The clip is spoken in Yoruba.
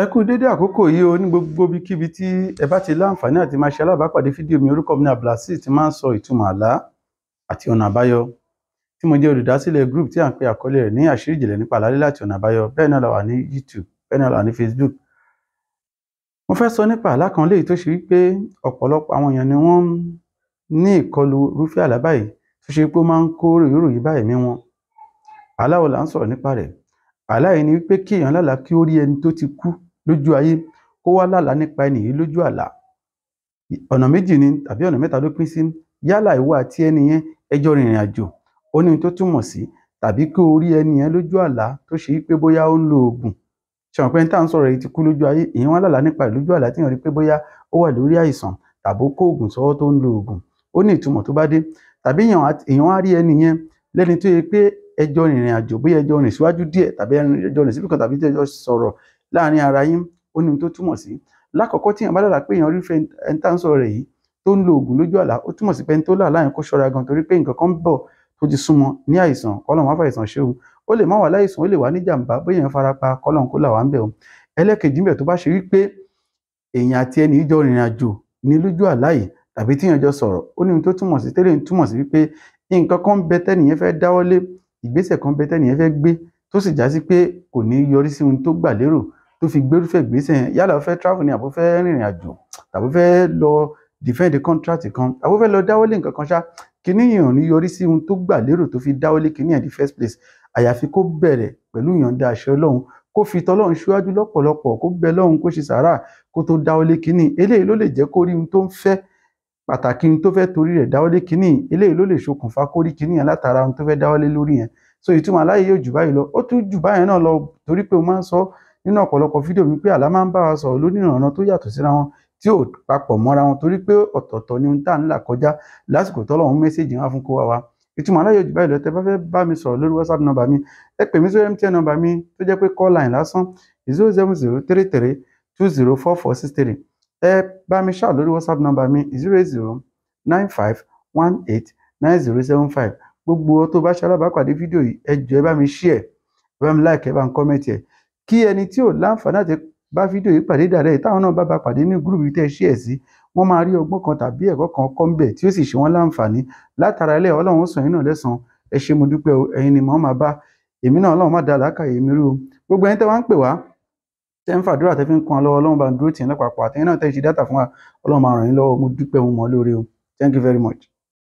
ẹ kú dédé àkókò yìí o ní gbogbo ibikíbi tí ẹ bá ti láǹfààní àti máa ṣe alábàápàdé fídíò mi orúkọ mi ní Abdulhasis ti máa ń sọ ìtumọ̀ àlá àti ọ̀nà àbáyọ tí mo jẹ́ olùdásílẹ̀ group tí à ń pe àkọlé rẹ̀ ní àṣírí ìjìnlẹ̀ nípa àlá lílá àti ọ̀nà àbáyọ bẹ́ẹ̀ náà la ní YouTube bẹ́ẹ̀ náà la ní Facebook. mo fẹ́ sọ nípa àlá kan léyìí tó ṣe wípé ọ̀pọ̀lọpọ̀ àwọn èèyàn ni wọ́n ní ìkọlù rúfẹ́ àlá báyìí tó ṣe pé ó máa ń kó ròyìnròyìn báyìí mí wọn àlá wo là ń sọ̀rọ̀ nípa rẹ̀ àlá yìí ni wípé kí lálàá kí ó rí ẹni tó ti kú lójú ayé kó wá lálàá nípa ẹni yìí lójú àlá ọ̀nà méjì ni tàbí ọ̀nà mẹ́ta ló pín sí yálà ìwọ àti ẹni yẹn ẹjọ́ rìnrìn àjò ó ní tó túmọ̀ sí tàbí kí o rí ẹni yẹn lójú àlá tó ṣe pé bóyá ó ń lo oògùn ṣàwọn pé tá à ń sọ̀rọ̀ yìí ti kú lójú ayé èyí wọn lálàá nípa lójú àlá tí yàn rí pé bóyá ó wà lórí àìsàn tàbí ó kó oògùn sọ́wọ́ tó ń lo oògùn ó ní ìtumọ̀ tó bá dé tàbí èèyàn á rí ẹni yẹn lẹ́ni tó yẹ pé ẹjọ́ rìnrìn àjò bóyá ẹjọ́ rìn síwájú díẹ̀ tàbí ẹjọ́ rìn síbìkan tàbí ẹjọ́ sọ̀rọ̀ láàrin ara yín ó ní ohun tó túmọ̀ sí lákọ̀ọ́kọ́ tí èèyàn bá lára pé èèyàn rí ẹni tá à ń sọ̀rọ̀ rẹ̀ yìí tó ń lo oògùn lójú àlá ó túmọ̀ sí pé ẹni tó là láàyàn kó ṣọ́ra gan torí pé nǹkan kan ń bọ̀ tó ti súnmọ́ ní àìsàn kọ́lọ́n wá fàìsàn ṣéwu ó lè má wà láìsàn ó lè wà níjàmbá bóyá èèyàn fara pa kọ́lọ́n kó là wá ń bẹ̀ o ẹlẹ́kejì ńbẹ̀ tó bá ṣe wípé èèyàn àti ẹni jọ rìnrìn àjò ní lójú àlá yìí tàbí tíyàn jọ sọ̀rọ̀ ó ní ohun tó túmọ̀ sí tẹ́lẹ̀ túmọ̀ sí wípé nǹkan kan bẹ tẹ́nìyẹn fẹ́ dáwọ́lé ìgbésẹ̀ kan bẹ tẹ́nìyẹn fẹ́ gbé tó sì já sí pé kò ní yọrí sí ohun tó gbà lérò tó fi gbérúfẹ́ gbésẹ̀ yẹn yálà ó fẹ́ travel ni àbó fẹ́ rìnrìn àjò tàbó fẹ́ lọ defend contract kan àbó fẹ́ lọ dáwọ́lé nǹkan kan ṣá kíní yàn ní yọrí sí ohun tó gbà lérò tó fi dáwọ́lé kíní ẹ̀ the first place àyàfi kó bẹ̀rẹ̀ pẹ̀lú ìyọ̀ǹda àṣẹ ọlọ́run kó fi tọlọ́run síwájú lọ́pọ̀lọpọ̀ kó bẹ lọ́run kó ṣe sàárà kó tó dáwọ́lé kíní eléyìí ló lè jẹ́ kó rí ohun tó ń fẹ́ pàtàkì ohun tó fẹ́ torí rẹ̀ dáwọ́lé kíní eléyìí ló lè ṣokùnfà kó rí kíní yẹn látara ohun tó fẹ́ dáwọ́lé lórí yẹn so ìtumọ̀ aláyé yóò jù báyìí lọ ó tún jù báyìí náà lọ torí pé o máa ń sọ nínú ọ̀pọ̀lọpọ̀ fídíò mi pé àlá máa ń bá wa sọ̀rọ̀ lónìrànà tó yàtọ̀ síra wọn tí ò papọ̀ mọ́ra wọn torí pé ọ̀tọ̀ọ̀tọ̀ ni ohun tá à ń là kọjá lásìkò tọ́lọ́run mẹ́sẹ̀jì wọn fún kó wa wa ìtumọ̀ aláyọ̀ jù báyìí lọ bá fẹ́ bá mi sọ̀rọ̀ lórí whatsapp number mi ẹ pè mí sórí mtn number mi tó jẹ́ pé call line lásán zero seven zero three three two zero four four six three ẹ bá mi ṣáà lórí whatsapp number mi zero eight zero nine five one eight nine zero seven five gbogbo tó bá ṣe alábàápàdé fídíò yìí ẹ jọ ẹ bá mi share ẹ bá mi like bá mi comment ẹ kí ẹni tí ò láǹfààní àti bá fídíò yìí pàdé dàrẹ́ táwọn náà bá ba pàdé ní gúrùpù yìí tẹ́ ṣí ẹ̀ sí wọ́n máa rí ọgbọ́n kan tàbí ẹ̀kọ́ kan kọ́ ńbẹ̀ tí ó sì ṣe wọ́n láǹfààní látara ilé ọlọ́run sàn yín náà lẹ́sàn-án ẹ ṣé mo dúpẹ́ o ẹ̀yin ni màá máa bá èmi náà ọlọ́run má da làákàyè mi rú gbogbo ẹ̀yin tẹ́ wá ń pè wá tẹ́ ń fàdúrà tẹ́ fi ń kan lọ́wọ́ ọlọ́run bá ń dúró tì thank you very much.